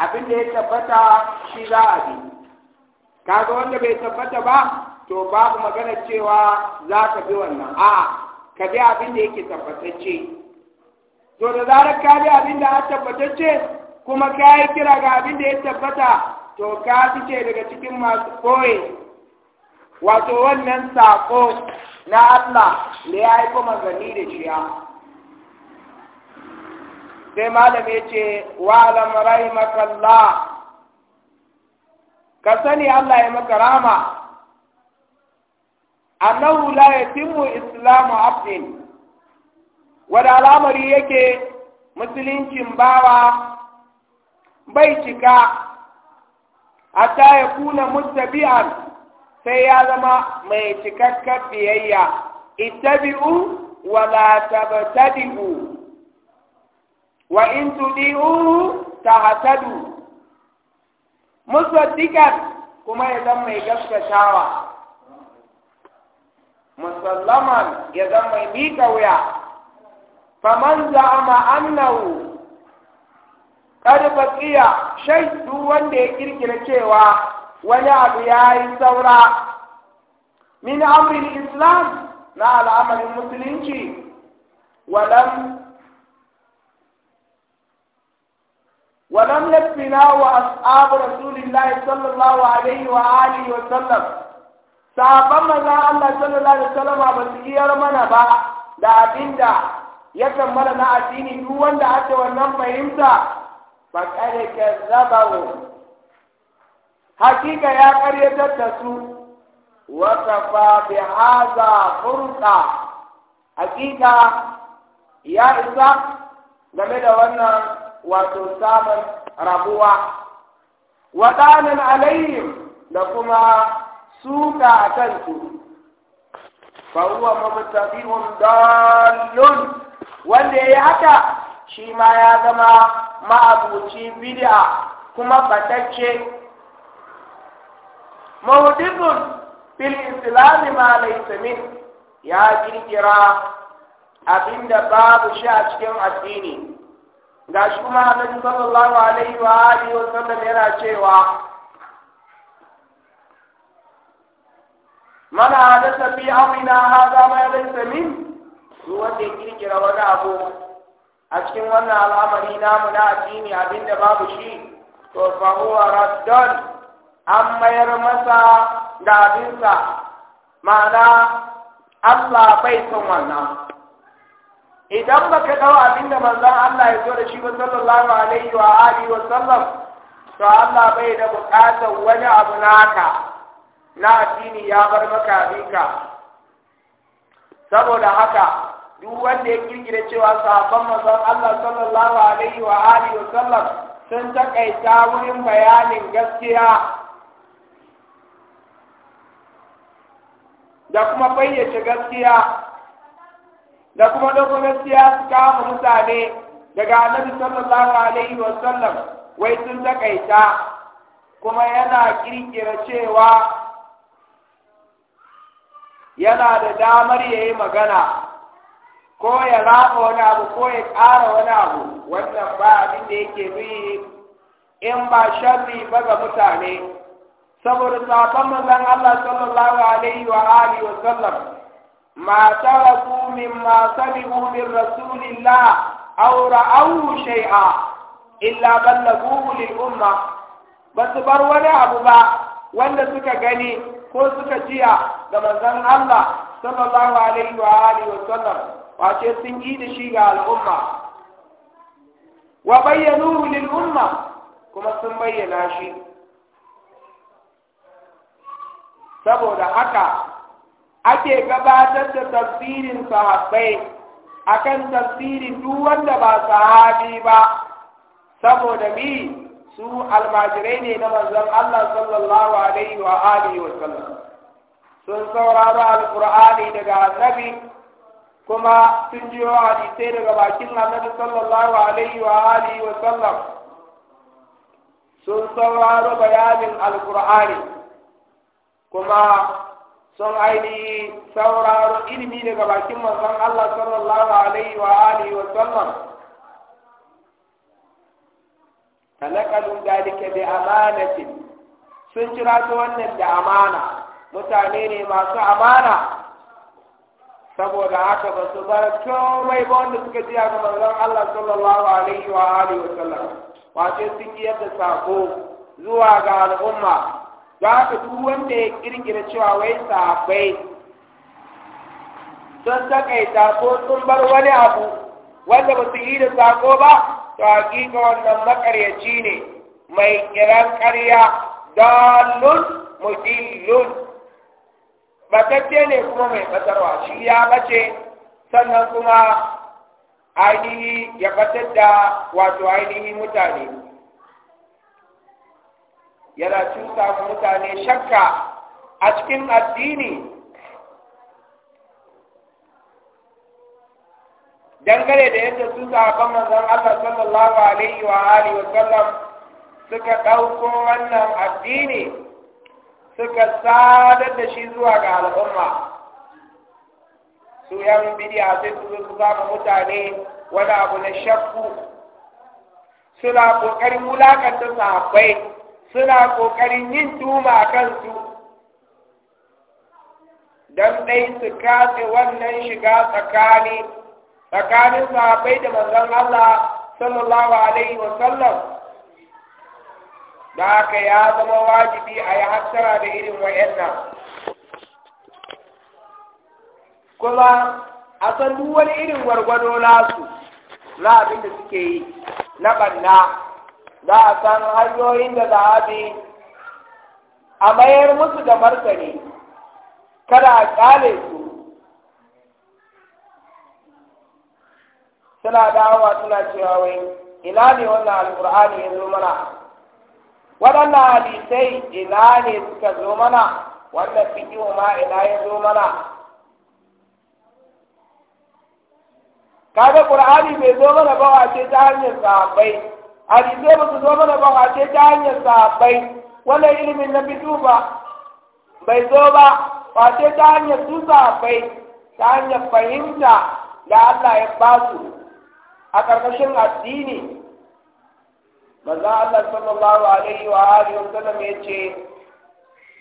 abin da ya tabbata shi za a bi kaga wanda bai tabbata ba to babu magana cewa za ka bi wannan a ka bi abin da yake tabbatacce to da zarar ka bi abin da a tabbatacce kuma ka yi kira ga abin da ya tabbata to ka fice daga cikin masu koyi wato wannan sako na Allah da ya yi kuma gani da shiya sai malam ya ce wa'alam rahimakallah ka sani Allah ya maka rama annahu la yatimmu islamu abdin wada al'amari yake musuluncin bawa bai cika hatta ya kuna mustabi'an sai ya zama mai cikakkar biyayya ittabi'u wala tabtadi'u wa in tudi'u tahtadu musaddiqan kuma ya zama mai shawa. musallaman ya zama mai miƙa wuya faman za'ama annahu qad baqiya shai duk wanda ya kirkira cewa wani abu yayi saura min islam na al'amarin musulunci walam ولم يكفنا وأصحاب رسول الله صلى الله عليه وآله وسلم sahabban maza Allah sallallahu alaihi wasallam ba su iyar mana ba da abinda ya kammala na addini duk wanda aka wannan fahimta ba kare kazzabahu hakika ya karyatar da su wa kafa bi hakika ya isa game da wannan wato samun rabuwa waɗannan alaihi da kuma suka a kansu fahuwa mabtabi'un dallun wanda ya yi haka shi ma ya zama ma'abuci bid'a kuma batacce mawdithun fil islam ma laysa min ya kirkira abinda babu shi a cikin addini ga shi kuma annabi sallallahu alaihi wa alihi wa sallam yana cewa mana hadasa fi amina hada ma laysa min su wanda ya kirkira wani abu a cikin wannan al'amari namu na addini abinda babu shi to fa huwa an mayar masa da abinsa ma'ana Allah bai son wannan idan baka dau abinda da manzon Allah ya zo da shi ba sallallahu alaihi wa alihi wa sallam to Allah bai da bukatar wani abu na naka na addini ya bar maka abinka saboda haka duk wanda ya kirkira cewa sabon manzon Allah sallallahu alaihi wa alihi wa sallam sun takaita wurin bayanin gaskiya da kuma bayyace gaskiya da kuma dogo siya su kama mutane daga annabi sallallahu alaihi wa sallam wai sun takaita kuma yana kirkira cewa yana da damar ya yi magana ko ya rafa wani abu ko ya ƙara wani abu wannan ba abin da yake bi in ba sharri ba ga mutane saboda sabon manzon Allah sallallahu alaihi wa alihi wa sallam ما تركوا مما سمعوا من رسول الله أو رأوا شيئا إلا بلغوه للأمة بس بروانا أبو با وانا سكا غني كو سكا جيا لما زن الله صلى الله عليه وآله وسلم وعشي سنجيد شيئا الأمة وبينوه للأمة كما سنبينا شيء saboda haka ake gabatar da tafsirin sahabbai akan tafsirin duk wanda ba sahabi ba saboda bi su almajirai ne na manzon Allah sallallahu alaihi wa alihi wa sallam sun saurara alqur'ani daga annabi kuma sun jiyo hadisai daga bakin annabi sallallahu alaihi wa alihi wa sallam sun saurari bayanin alqur'ani kuma sun ainihi sauraro ilimi daga bakin manzon Allah sallallahu alaihi wa alihi wa sallam talaqalu dalika bi amanati sun kira su wannan da amana mutane ne masu amana saboda haka ba su bar komai ba wanda suka ji ga manzon Allah sallallahu alaihi wa alihi wa sallam wace sun yi yadda sako zuwa ga al'umma za ka duk wanda ya kirkira cewa wai sahabbai sun takaita ko sun bar wani abu wanda ba su yi da sako ba to hakika wannan makaryaci ne mai kiran karya dalun mudillun batacce ne kuma mai batarwa shi ya bace sannan kuma ainihi ya batar da wato ainihi mutane yana cusa mutane shakka a cikin addini dangane da yadda su sahabban manzon Allah sallallahu alaihi wa alihi wa sallam suka ɗauko wannan addini suka sadar da shi zuwa ga al'umma su yan bidiya sai su zo su mutane wani abu na shakku suna ƙoƙarin wulakanta sahabbai suna ƙoƙarin yin tuma a kansu don dai su kace wannan shiga tsakani tsakanin sahabbai da manzon Allah sallallahu alaihi wa sallam da aka ya zama wajibi a yi hattara da irin nan kuma a san wani irin gwargwado nasu na abin da suke yi na ɓanna za a san hanyoyin da za a bi a mayar musu da martani kada a kyale su suna dawowa suna cewa wai ina ne wannan alkur'ani ya zo mana waɗannan hadisai ina ne suka zo mana wannan fikihu ma ina ya zo mana kaga qur'ani bai zo mana ba wace ta hanyar sahabbai hadisai ba su zo mana ba a ce ta hanyar sahabbai wannan ilimin na fito ba bai zo ba ba ce ta hanyar su sahabbai ta hanyar fahimta da Allah ya ba su a ƙarƙashin addini manzo Allah sallallahu alaihi wa alihi wa sallam yace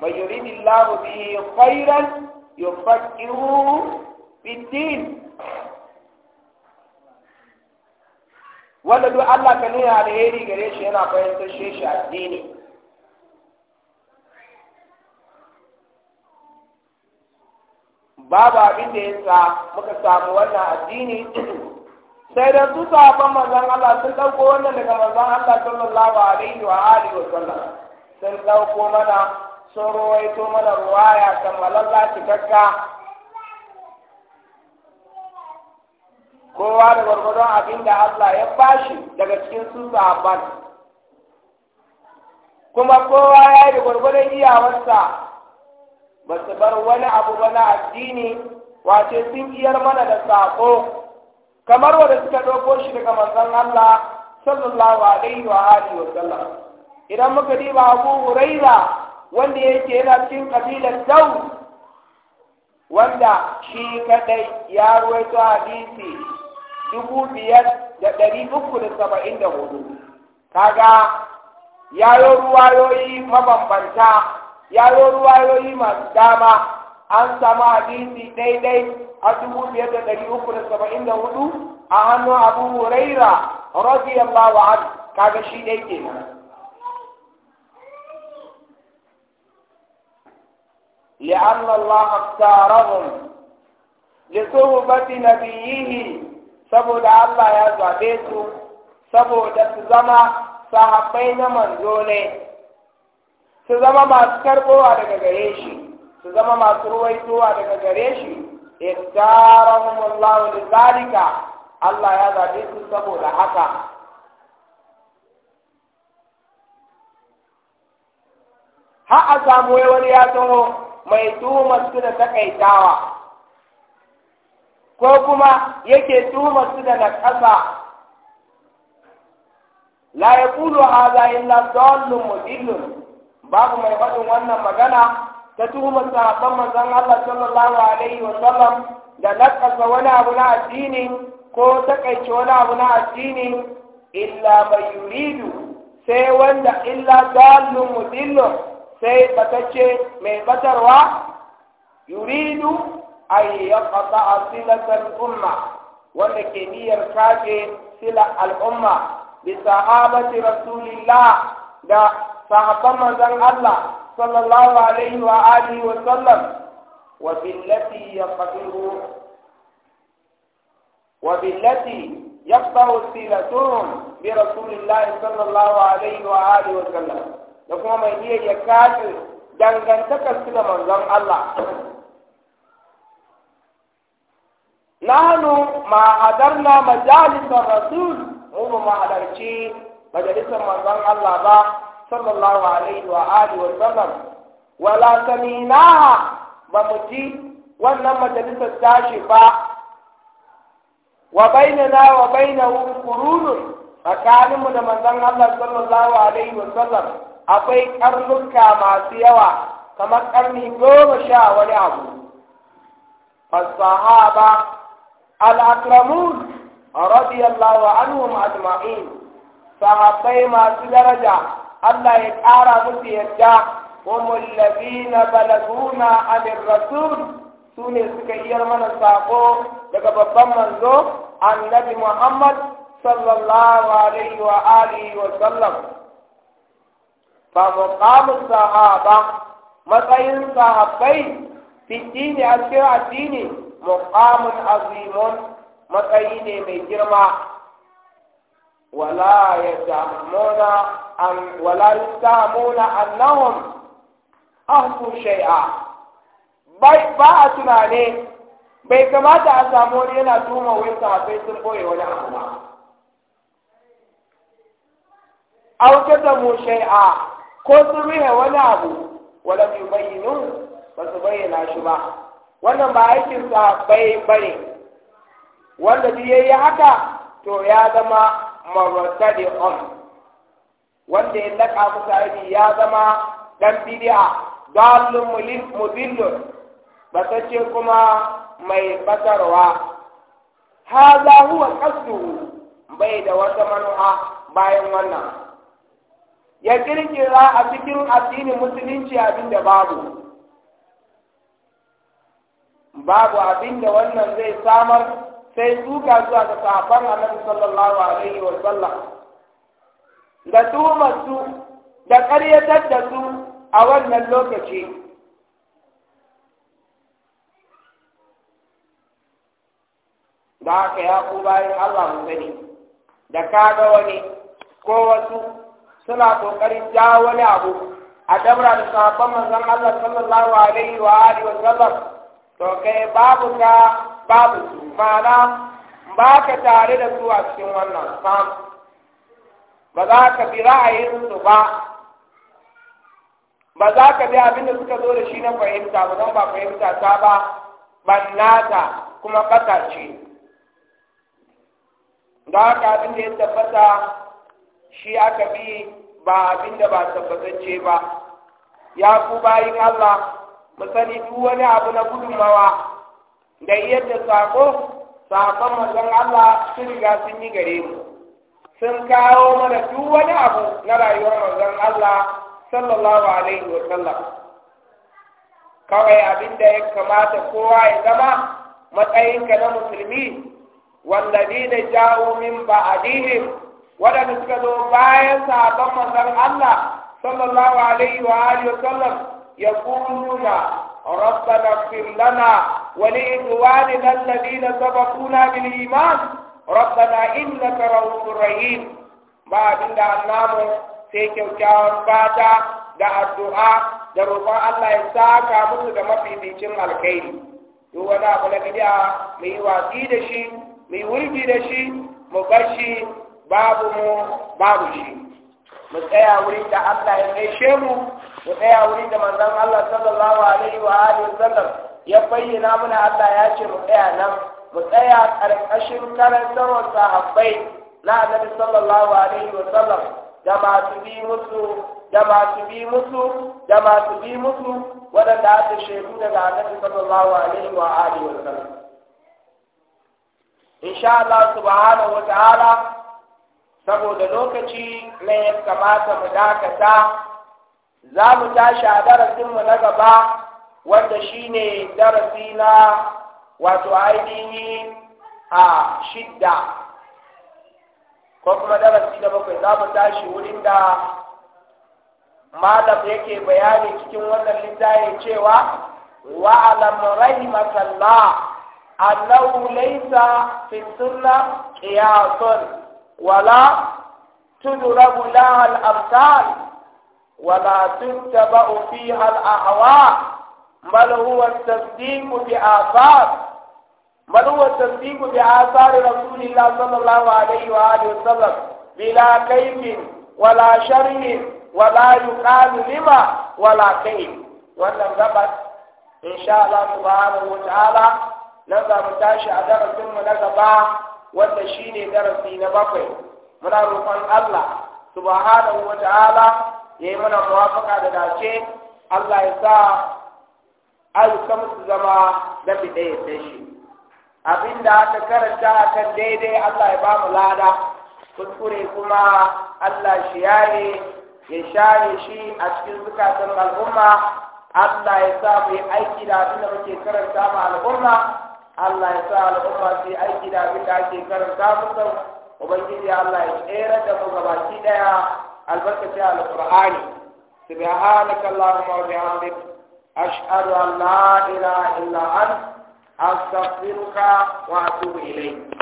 man yuridillahu bihi khairan yufaqihu fid din wanda duk Allah ka nuna alheri gare shi yana fahimtar shi shi addini babu abin da ya sa muka samu wannan addini sai da su sabon manzon Allah sun ɗauko wannan daga manzon Allah sallallahu alaihi wa alihi wa sallam sun ɗauko mana sun ruwaito mana ruwaya kammalalla cikakka kowa da gwargwadon abin da Allah ya bashi daga cikin su sahabban kuma kowa ya yi da gwargwadon iyawarsa ba su bar wani abu ba na addini wace sun iyar mana da saƙo kamar wanda suka ɗauko shi daga manzon Allah sallallahu alaihi wa alihi wa sallam idan muka diba Abu Huraira wanda yake yana cikin kabilar Daud wanda shi kaɗai, ya ruwaito hadisi dubu biyar da ɗari uku da saba'in da hudu kaga yayo ruwayoyi mabambanta yayo ruwayoyi masu dama an samu hadisi daidai a dubu biyar da ɗari uku da saba'in da hudu a hannun abu huraira radiyallahu anhu kaga shi dai kenan لأن الله اختارهم لصحبة نبيه saboda Allah ya zaɓe su saboda su zama sahabbai na manzo ne su zama masu karɓowa daga gare shi su zama masu ruwaitowa daga gare shi ihtarahumullahu zalika Allah ya zaɓe su saboda haka ha a samu wani ya taho mai tuhumar su da takaitawa ko kuma yake tuhumar su da ƙasa la yaqulu hadha illa dallun mudillun babu mai faɗin wannan magana ta tuhumar sahabban manzon Allah sallallahu alaihi wa sallam da nakasa wani abu na addini ko takaice wani abu na addini illa mai yuridu sai wanda illa dallun mudillun sai batacce mai batarwa yuridu ay yaqta silat al-umma wanda ke niyyar kace sila al'umma umma bi sahabati rasulillah da sahabban manzon Allah sallallahu alaihi wa alihi wa sallam wa billati yaqdiru wa billati yaqta silatuhum bi rasulillah sallallahu alaihi wa wa sallam da kuma mai niyyar kace dangantakar su da manzon Allah nanu ma hadarna majalisar rasul mu ba mu halarci majalisar manzon Allah ba sallallahu alaihi wa alihi wa sallam wala samina ba mu ji wannan majalisar tashi ba wa bainana wa bainahu qurunun mu da manzon Allah sallallahu alaihi wa sallam akwai karnuka masu yawa kamar karni goma sha wani abu fasahaba الأكرمون رضي الله عنهم أجمعين صحابي ما درجة الله مثل مسيحة هم الذين بلغونا عن الرسول سنة سكير من الساقو لك ببما عن نبي محمد صلى الله عليه وآله وسلم فمقام الصحابة مطعين صحابين في الدين أشياء الدين muqamun azimun matsayi ne mai girma wala ya samu na yadamuna annahum ahsu shay'a ba a tunane bai kamata a samu wani yana tuma wai sahabbai sun boye wani abu ba aw kadamu shay'a ko sun rihe wani abu wala yubayyinu ba su bayyana shi ba wannan ba aikin bai bane wanda duk yayi haka to ya zama murtadi on wanda ya laka musu ya zama dan bid'a dalil mulil mudillun batacce kuma mai batarwa haza huwa qasdu bai da wata manuha bayan wannan ya kirkira a cikin addinin musulunci abinda babu babu abin da wannan zai samar sai suka zuwa ga safan annabi sallallahu alaihi wa sallam da tuhumar su da ƙaryatar da su a wannan lokaci da haka ya ku bayan Allah mu gani da kaga wani ko wasu suna kokarin jawo wani abu a dabra da safan manzon Allah sallallahu alaihi wa alihi wa sallam to kai babu ka babu su ba ka tare da su a cikin wannan sam ba za ka bi ra'ayinsu ba ba za ka bi abin da suka zo da shi na fahimta ba don ba fahimta ta ba bannata kuma bata ce da haka abin da ya tabbata shi aka bi ba abin da ba tabbatacce ba ya ku bayin Allah misali duk wani abu na gudunmawa da yadda sako sakon mazan Allah sun riga sun yi gare mu sun kawo mana duk wani abu na rayuwar mazan Allah sallallahu alaihi wa sallam kawai abin da ya kamata kowa ya zama matsayinka na musulmi jawo جاءوا من بعدهم ولم يسكتوا بايا صحابة من الله صلى الله عليه wa sallam. Ya ƙunguna, rasta na filana. Wani inuwa ne nan na zina zama kuna min iman? Rasta na in rahim. Ba abinda an namu sai kyautawan fata da addu'a da babban Allah ya saka aka mutu da mafi bikin alkhairi. Duka za ku na gadi a, mu yi waki da shi, mu yi da shi, mu ga babu mu, babu shi. mu tsaya wurin da Allah ya kai mu mu tsaya wurin da manzon Allah sallallahu alaihi wa alihi wasallam ya bayyana mana Allah ya ce mu tsaya nan mu tsaya karkashin karantarwar sahabbai na annabi sallallahu alaihi wasallam da masu bi musu da masu bi musu da masu bi musu waɗanda aka shehu daga annabi sallallahu alaihi wa alihi wasallam insha Allah subhanahu wa ta'ala saboda lokaci na ya kamata mu dakata za mu tashi a darasinmu na gaba wanda shine darasi na wato ainihi a shidda ko kuma darasi na bakwai za mu tashi wurin da malam yake bayani cikin wannan littafin cewa wa'alam rahimakallah annahu laysa fi sunna qiyasun ولا تضرب لها الأمثال ولا تتبع فيها الأهواء بل هو التصديق بآثار بل هو التصديق بآثار رسول الله صلى الله عليه وآله وسلم بلا كيف ولا شر ولا يقال لما ولا كيف wannan gabas إن شاء الله سبحانه وتعالى نظر za mu tashi a wanda shi ne darasi na bakwai muna roƙon Allah subhanahu wa ta'ala ya yi mana muwafaka da dace Allah ya sa ayyukan su zama da bidai da shi abinda aka karanta a kan daidai Allah ya ba mu lada kuskure kuma Allah shi ya share shi a cikin zukatan al'umma Allah ya sa mu yi aiki da abin muke karanta ma al'umma Allah ya sa al'umma su yi aiki da abin da ake karanta musu ubangiji Allah ya tsere da mu gabaki daya albarkaci alqur'ani subhanaka allahumma wa bihamdik ashhadu an la ilaha illa anta astaghfiruka wa atubu ilayk